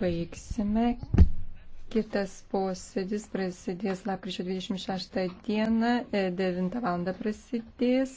baigsime. Kitas posėdis prasidės lapkričio 26 dieną, 9 e, val. prasidės.